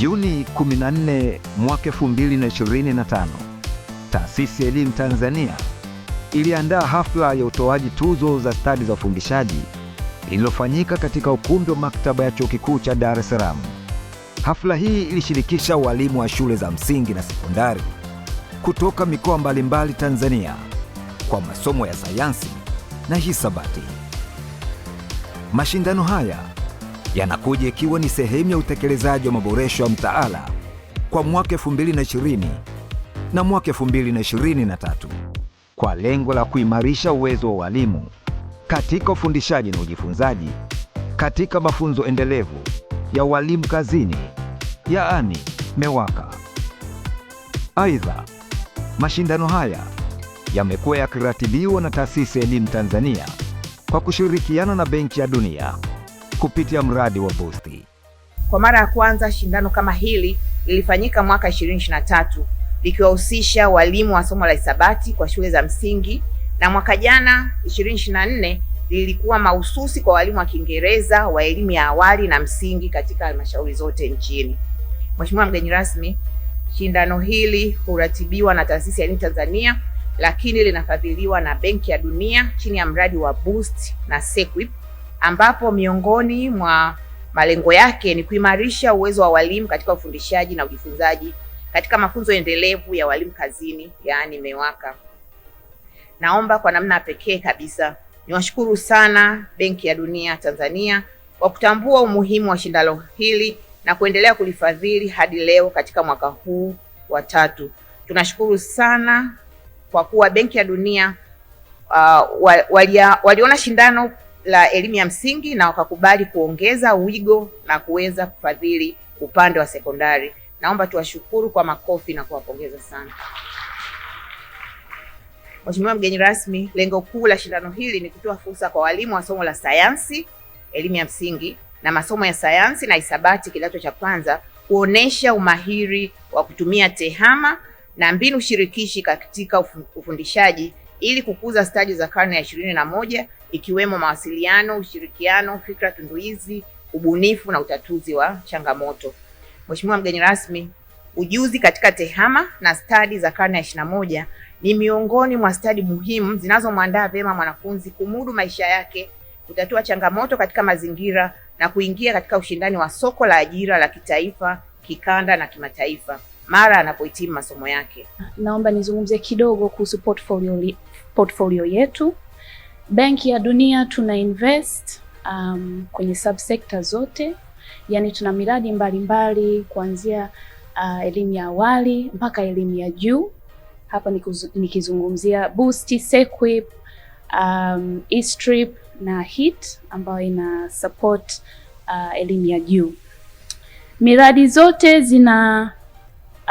Juni 14 mwaka 2025, Taasisi ya Elimu Tanzania iliandaa hafla ya utoaji tuzo za stadi za ufundishaji iliyofanyika katika ukumbi wa maktaba ya Chuo Kikuu cha Dar es Salaam. Hafla hii ilishirikisha walimu wa shule za msingi na sekondari kutoka mikoa mbalimbali Tanzania kwa masomo ya sayansi na hisabati. Mashindano haya yanakuja ikiwa ni sehemu ya utekelezaji wa maboresho ya mtaala kwa mwaka 2020 na mwaka 2023 kwa lengo la kuimarisha uwezo wa walimu katika ufundishaji na ujifunzaji katika mafunzo endelevu ya walimu kazini, yaani MEWAKA. Aidha, mashindano haya yamekuwa yakiratibiwa na Taasisi ya Elimu Tanzania kwa kushirikiana na Benki ya Dunia kupitia mradi wa Boosti. Kwa mara ya kwanza shindano kama hili lilifanyika mwaka 2023 likiwahusisha walimu wa somo la hisabati kwa shule za msingi, na mwaka jana 2024 lilikuwa mahususi kwa walimu wa Kiingereza wa elimu ya awali na msingi katika halmashauri zote nchini. Mheshimiwa mgeni rasmi, shindano hili huratibiwa na Taasisi ya Elimu Tanzania, lakini linafadhiliwa na Benki ya Dunia chini ya mradi wa Boost na Sequip ambapo miongoni mwa malengo yake ni kuimarisha uwezo wa walimu katika ufundishaji na ujifunzaji katika mafunzo endelevu ya walimu kazini, yaani MEWAKA. Naomba kwa namna pekee kabisa niwashukuru sana Benki ya Dunia Tanzania kwa kutambua umuhimu wa shindano hili na kuendelea kulifadhili hadi leo katika mwaka huu wa tatu. Tunashukuru sana kwa kuwa Benki ya Dunia uh, waliona wali shindano la elimu ya msingi na wakakubali kuongeza wigo na kuweza kufadhili upande wa sekondari. Naomba tuwashukuru kwa makofi na kuwapongeza sana. Mheshimiwa mgeni rasmi, lengo kuu la shindano hili ni kutoa fursa kwa walimu wa somo la sayansi elimu ya msingi na masomo ya sayansi na hisabati kidato cha kwanza kuonesha umahiri wa kutumia tehama na mbinu shirikishi katika ufundishaji ili kukuza stadi za karne ya ishirini na moja ikiwemo mawasiliano, ushirikiano, fikra tunduizi, ubunifu na utatuzi wa changamoto. Mheshimiwa mgeni rasmi, ujuzi katika tehama na stadi za karne ya ishirini na moja ni miongoni mwa stadi muhimu zinazomwandaa vyema mwanafunzi kumudu maisha yake, kutatua changamoto katika mazingira na kuingia katika ushindani wa soko la ajira la kitaifa, kikanda na kimataifa mara anapohitimu masomo yake. Naomba nizungumzie kidogo kuhusu portfolio, portfolio yetu. Benki ya Dunia tuna invest um, kwenye subsekta zote, yani tuna miradi mbalimbali kuanzia uh, elimu ya awali mpaka elimu ya juu. Hapa nikizungumzia Boost, Sequip, um, Eastrip na HIT ambayo ina support uh, elimu ya juu. Miradi zote zina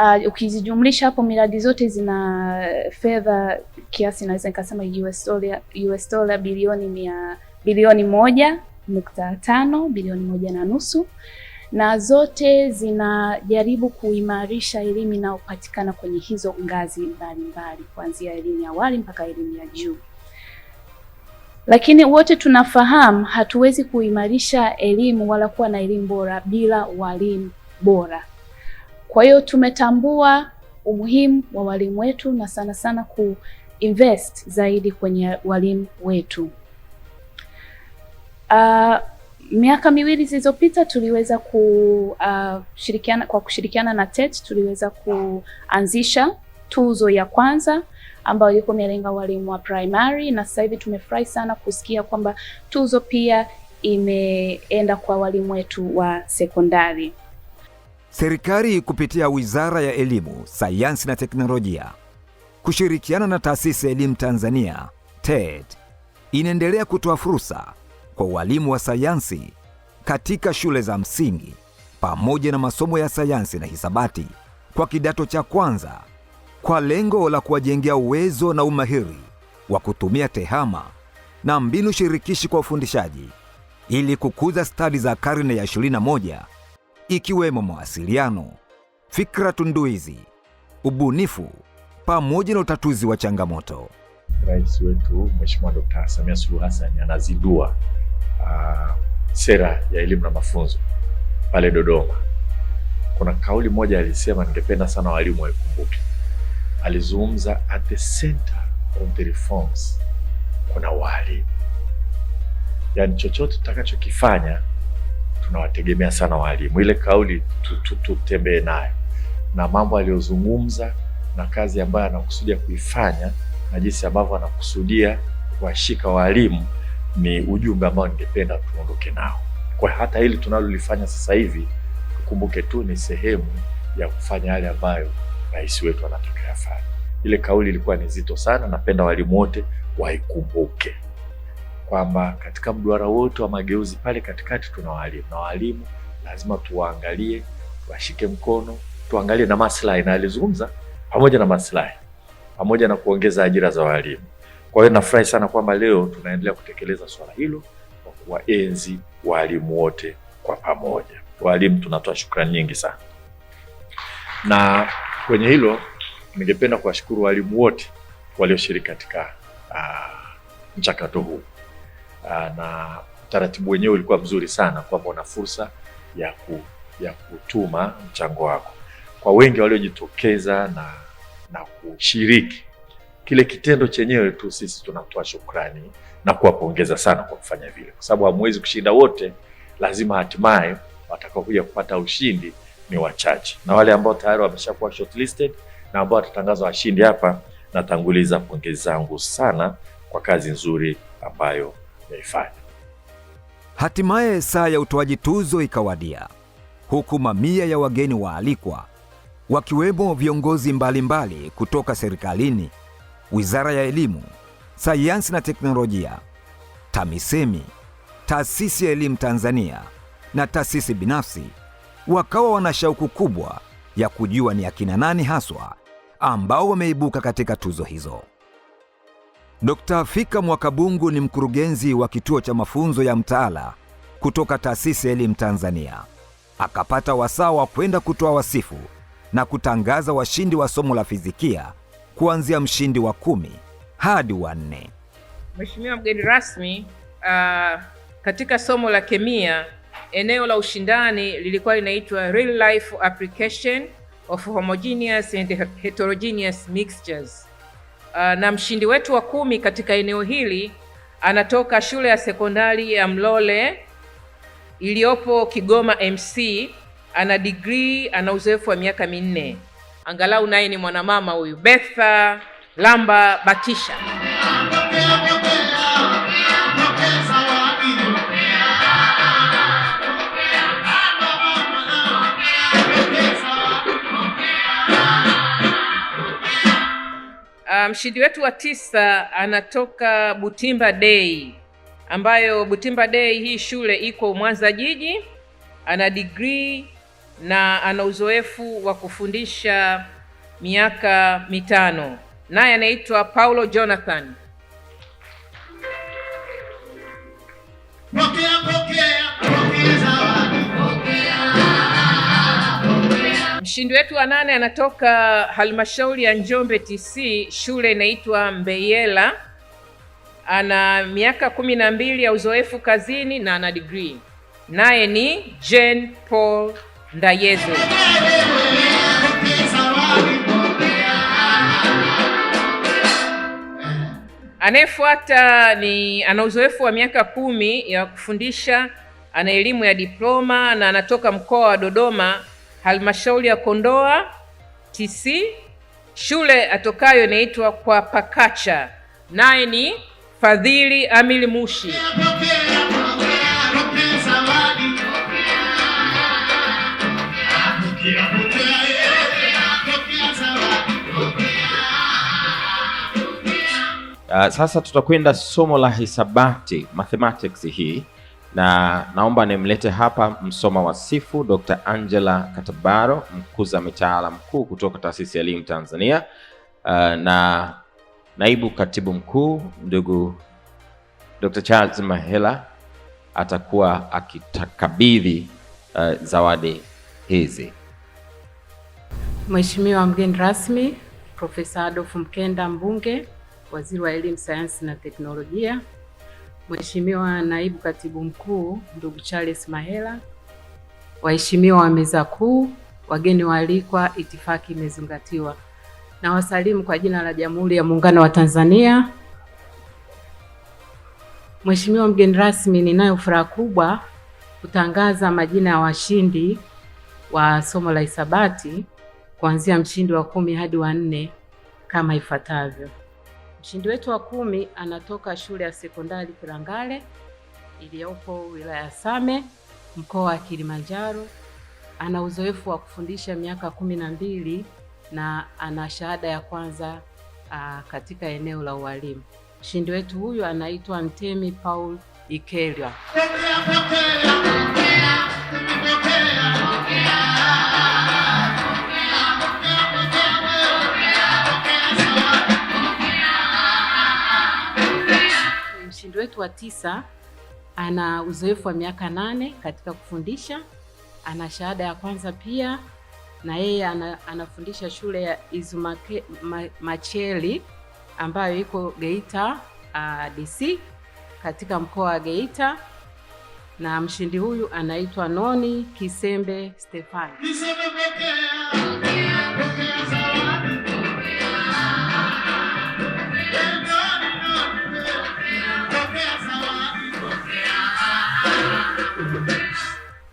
uh, ukizijumlisha hapo miradi zote zina uh, fedha kiasi naweza nikasema US dollar, US dollar bilioni mia bilioni moja nukta tano bilioni moja na nusu na zote zinajaribu kuimarisha elimu inayopatikana kwenye hizo ngazi mbalimbali kuanzia elimu ya awali mpaka elimu ya juu. Lakini wote tunafahamu hatuwezi kuimarisha elimu wala kuwa na elimu bora bila walimu bora. Kwa hiyo tumetambua umuhimu wa walimu wetu na sana sana ku invest zaidi kwenye walimu wetu. Uh, miaka miwili zilizopita tuliweza kushirikiana, ah, kwa kushirikiana na TET tuliweza kuanzisha tuzo ya kwanza ambayo ilikuwa imelenga walimu wa primary, na sasa hivi tumefurahi sana kusikia kwamba tuzo pia imeenda kwa walimu wetu wa sekondari. Serikali kupitia Wizara ya Elimu, Sayansi na Teknolojia kushirikiana na Taasisi ya Elimu Tanzania TET inaendelea kutoa fursa kwa walimu wa sayansi katika shule za msingi pamoja na masomo ya sayansi na hisabati kwa kidato cha kwanza kwa lengo la kuwajengea uwezo na umahiri wa kutumia tehama na mbinu shirikishi kwa ufundishaji ili kukuza stadi za karne ya 21 ikiwemo mawasiliano, fikra tunduizi, ubunifu pamoja na utatuzi wa changamoto. Rais wetu Mheshimiwa Dkt. Samia Suluhu Hassan anazindua uh, sera ya elimu na mafunzo pale Dodoma. Kuna kauli moja alisema, ningependa sana walimu waikumbuke. Alizungumza at the center of the reforms kuna walimu, yaani chochote tutakachokifanya tunawategemea sana walimu. Ile kauli tutembee nayo na mambo aliyozungumza na kazi ambayo anakusudia kuifanya na jinsi ambavyo anakusudia kuwashika walimu ni ujumbe ambao ningependa tuondoke nao. Kwa hata hili tunalolifanya sasa hivi, tukumbuke tu ni sehemu ya kufanya yale ambayo rais wetu anataka yafanye. Ile kauli ilikuwa ni nzito sana, napenda walimu wote waikumbuke kwamba katika mduara wote wa mageuzi pale katikati tuna walimu, na walimu lazima tuwaangalie, tuwashike mkono, tuangalie na maslahi, na alizungumza pamoja na maslahi, pamoja na kuongeza ajira za walimu. Kwa hiyo nafurahi sana kwamba leo tunaendelea kutekeleza swala hilo kwa kuwaenzi walimu wote kwa pamoja. Walimu tunatoa shukrani nyingi sana, na kwenye hilo ningependa kuwashukuru walimu wote walioshiriki katika ah, mchakato huu ah, na utaratibu wenyewe ulikuwa mzuri sana, kwamba una fursa ya, ku, ya kutuma mchango wako kwa wengi waliojitokeza na, na kushiriki kile kitendo chenyewe tu, sisi tunatoa shukrani na kuwapongeza sana kwa kufanya vile, kwa sababu hamwezi kushinda wote. Lazima hatimaye watakaokuja kupata ushindi ni wachache, na wale ambao tayari wameshakuwa shortlisted na ambao watatangazwa washindi hapa, natanguliza pongezi zangu sana kwa kazi nzuri ambayo umeifanya. Hatimaye saa ya utoaji tuzo ikawadia, huku mamia ya wageni waalikwa wakiwemo viongozi mbalimbali mbali kutoka serikalini, Wizara ya Elimu, Sayansi na Teknolojia, TAMISEMI, Taasisi ya Elimu Tanzania na taasisi binafsi, wakawa wana shauku kubwa ya kujua ni akina nani haswa ambao wameibuka katika tuzo hizo. Dkt. Fika Mwakabungu ni mkurugenzi wa kituo cha mafunzo ya mtaala kutoka Taasisi ya Elimu Tanzania, akapata wasaa wa kwenda kutoa wasifu na kutangaza washindi wa somo la fizikia kuanzia mshindi wa kumi hadi wa nne. Mheshimiwa mgeni rasmi, uh, katika somo la kemia eneo la ushindani lilikuwa linaitwa Real Life Application of Homogeneous and Heterogeneous Mixtures. Uh, na mshindi wetu wa kumi katika eneo hili anatoka shule ya sekondari ya Mlole iliyopo Kigoma MC ana degree, ana uzoefu wa miaka minne. Angalau naye ni mwanamama huyu, Betha Lamba Bakisha. Ah, mshindi um, wetu wa tisa anatoka Butimba Day, ambayo Butimba Day hii shule iko Mwanza jiji, ana degree na ana uzoefu wa kufundisha miaka mitano, naye anaitwa Paulo Jonathan. Pokea, pokea, pokea zawadi, pokea, pokea. Mshindi wetu wa nane anatoka halmashauri ya Njombe TC, shule inaitwa Mbeyela. Ana miaka kumi na mbili ya uzoefu kazini na ana degree, naye ni Jane Paul Ndayezu. Anayefuata ni ana uzoefu wa miaka kumi ya kufundisha, ana elimu ya diploma na anatoka mkoa wa Dodoma, halmashauri ya Kondoa TC. Shule atokayo inaitwa kwa Pakacha, naye ni Fadhili Amili Mushi. Uh, sasa tutakwenda somo la hisabati mathematics hii na naomba nimlete hapa msoma wasifu Dr. Angela Katabaro, mkuza mitaala mkuu kutoka Taasisi ya Elimu Tanzania, uh, na naibu katibu mkuu ndugu Dr. Charles Mahela atakuwa akitakabidhi uh, zawadi hizi. Mheshimiwa mgeni rasmi Profesa Adolf Mkenda Mbunge Waziri wa Elimu, Sayansi na Teknolojia, Mheshimiwa Naibu Katibu Mkuu ndugu Charles Mahela, waheshimiwa wa meza kuu, wageni waalikwa, itifaki imezingatiwa. Na wasalimu kwa jina la Jamhuri ya Muungano wa Tanzania. Mheshimiwa mgeni rasmi, ninayo furaha kubwa kutangaza majina ya washindi wa somo la hisabati kuanzia mshindi wa kumi hadi wa nne kama ifuatavyo. Mshindi wetu wa kumi anatoka shule ya sekondari Kilangale iliyopo wilaya ya Same mkoa wa Kilimanjaro. Ana uzoefu wa kufundisha miaka kumi na mbili na ana shahada ya kwanza a, katika eneo la ualimu. Mshindi wetu huyu anaitwa Ntemi Paul Ikelwa. mshindi wetu wa tisa ana uzoefu wa miaka nane katika kufundisha, ana shahada ya kwanza pia na yeye ana, anafundisha shule ya Izumake, ma, Macheli ambayo iko Geita uh, DC katika mkoa wa Geita na mshindi huyu anaitwa Noni Kisembe Stefani.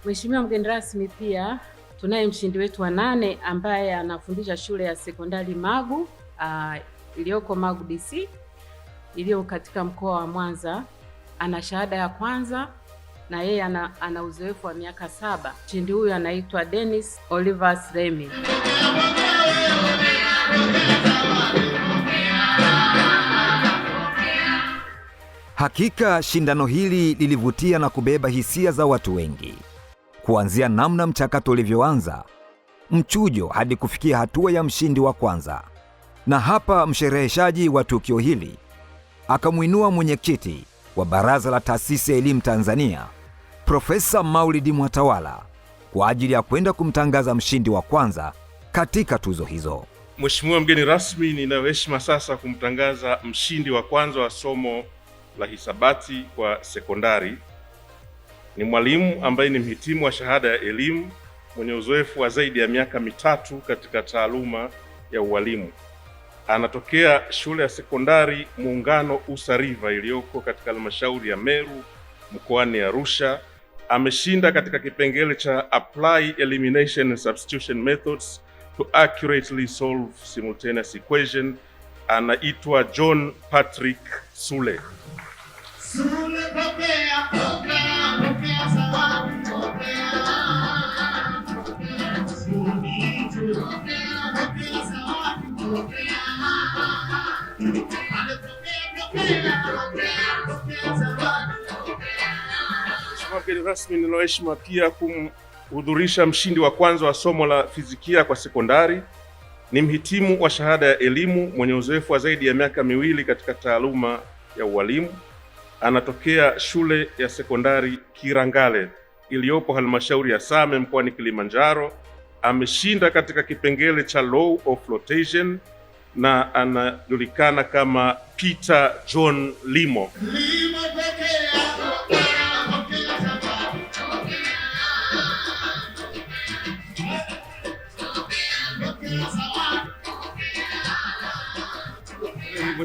Mheshimiwa mgeni rasmi, pia tunaye mshindi wetu wa nane ambaye anafundisha shule ya sekondari Magu uh, iliyoko Magu DC iliyo katika mkoa wa Mwanza. Ana shahada ya kwanza na yeye ana, ana uzoefu wa miaka saba. Mshindi huyu anaitwa Dennis Oliver Remy. Hakika shindano hili lilivutia na kubeba hisia za watu wengi, kuanzia namna mchakato ulivyoanza, mchujo hadi kufikia hatua ya mshindi wa kwanza. Na hapa mshereheshaji wa tukio hili akamwinua mwenyekiti wa Baraza la Taasisi ya Elimu Tanzania, Profesa Maulidi Mwatawala kwa ajili ya kwenda kumtangaza mshindi wa kwanza katika tuzo hizo. Mheshimiwa mgeni rasmi, ninayo heshima sasa kumtangaza mshindi wa kwanza wa somo la hisabati kwa sekondari. Ni mwalimu ambaye ni mhitimu wa shahada ya elimu mwenye uzoefu wa zaidi ya miaka mitatu katika taaluma ya ualimu. Anatokea shule ya sekondari Muungano Usariva iliyoko katika halmashauri ya Meru mkoani Arusha. Ameshinda katika kipengele cha apply elimination and substitution methods to accurately solve simultaneous equation. Anaitwa John Patrick Sule mgeni rasmi, ninalo heshima pia kumhudhurisha mshindi wa kwanza wa somo la fizikia kwa sekondari. Ni mhitimu wa shahada ya elimu mwenye uzoefu wa zaidi ya miaka miwili katika taaluma ya ualimu anatokea shule ya sekondari Kirangale iliyopo halmashauri ya Same mkoani Kilimanjaro. Ameshinda katika kipengele cha Law of Flotation na anajulikana kama Peter John Limo. Limo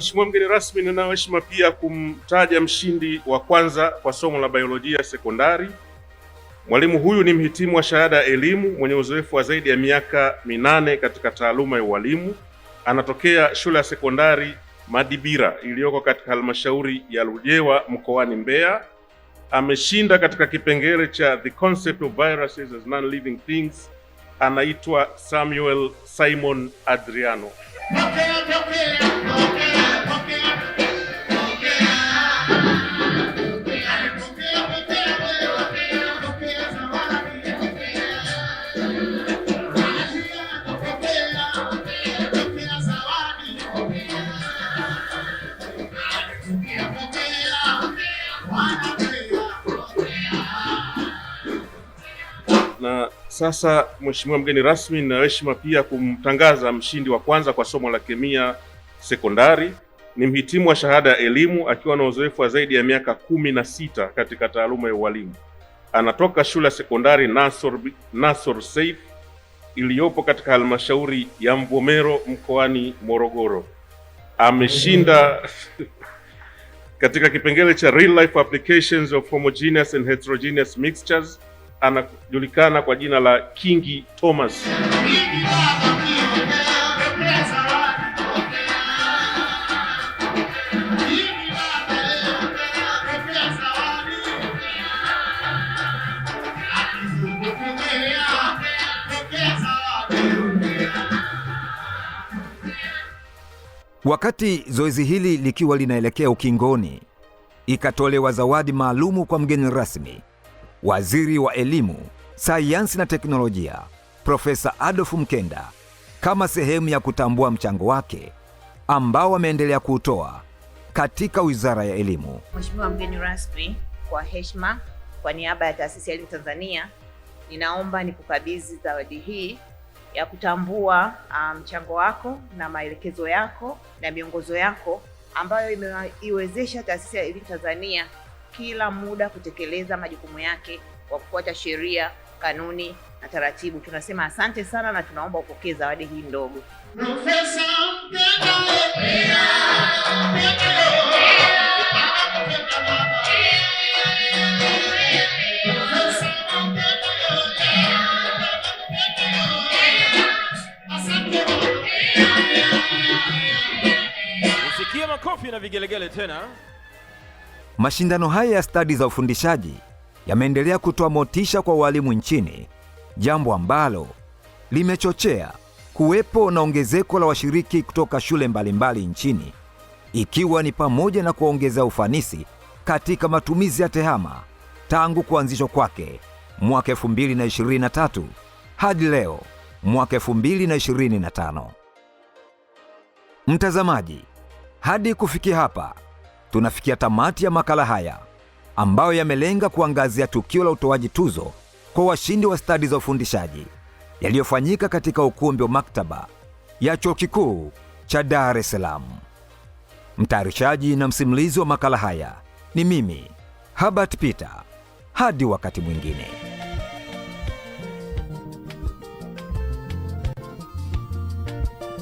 Mheshimiwa mgeni rasmi, ninao heshima pia kumtaja mshindi wa kwanza kwa somo la biolojia sekondari. Mwalimu huyu ni mhitimu wa shahada ya elimu mwenye uzoefu wa zaidi ya miaka minane katika taaluma ya ualimu. Anatokea shule ya sekondari Madibira iliyoko katika halmashauri ya Ludewa mkoani Mbeya. Ameshinda katika kipengele cha the concept of viruses as non-living things. Anaitwa Samuel Simon Adriano. Sasa Mheshimiwa mgeni rasmi, na heshima pia kumtangaza mshindi wa kwanza kwa somo la kemia sekondari. Ni mhitimu wa shahada ya elimu akiwa na uzoefu wa zaidi ya miaka kumi na sita katika taaluma ya ualimu. Anatoka shule ya sekondari Nasor, Nasor iliyopo katika halmashauri ya Mvomero mkoani Morogoro. Ameshinda katika kipengele cha Real Life Applications of Homogeneous and Heterogeneous Mixtures anajulikana kwa jina la Kingi Thomas. Wakati zoezi hili likiwa linaelekea ukingoni, ikatolewa zawadi maalumu kwa mgeni rasmi Waziri wa Elimu, Sayansi na Teknolojia Profesa Adolf Mkenda kama sehemu ya kutambua mchango wake ambao wameendelea kuutoa katika Wizara ya Elimu. Mheshimiwa mgeni rasmi, kwa heshima, kwa niaba ya Taasisi ya Elimu Tanzania, ninaomba nikukabidhi zawadi hii ya kutambua ah, mchango um, wako na maelekezo yako na miongozo yako ambayo imeiwezesha Taasisi ya Elimu Tanzania kila muda kutekeleza majukumu yake kwa kufuata sheria, kanuni na taratibu. Tunasema asante sana na tunaomba upokee zawadi hii ndogo. usikie makofi na vigelegele tena. Mashindano haya ya stadi za ufundishaji yameendelea kutoa motisha kwa walimu nchini, jambo ambalo limechochea kuwepo na ongezeko la washiriki kutoka shule mbalimbali mbali nchini, ikiwa ni pamoja na kuongeza ufanisi katika matumizi ya TEHAMA tangu kuanzishwa kwake mwaka 2023 hadi leo mwaka 2025. Mtazamaji, hadi kufikia hapa tunafikia tamati ya makala haya ambayo yamelenga kuangazia tukio la utoaji tuzo kwa washindi wa stadi za ufundishaji yaliyofanyika katika ukumbi wa maktaba ya Chuo Kikuu cha Dar es Salaam. Mtayarishaji na msimulizi wa makala haya ni mimi Herbert Peter. Hadi wakati mwingine.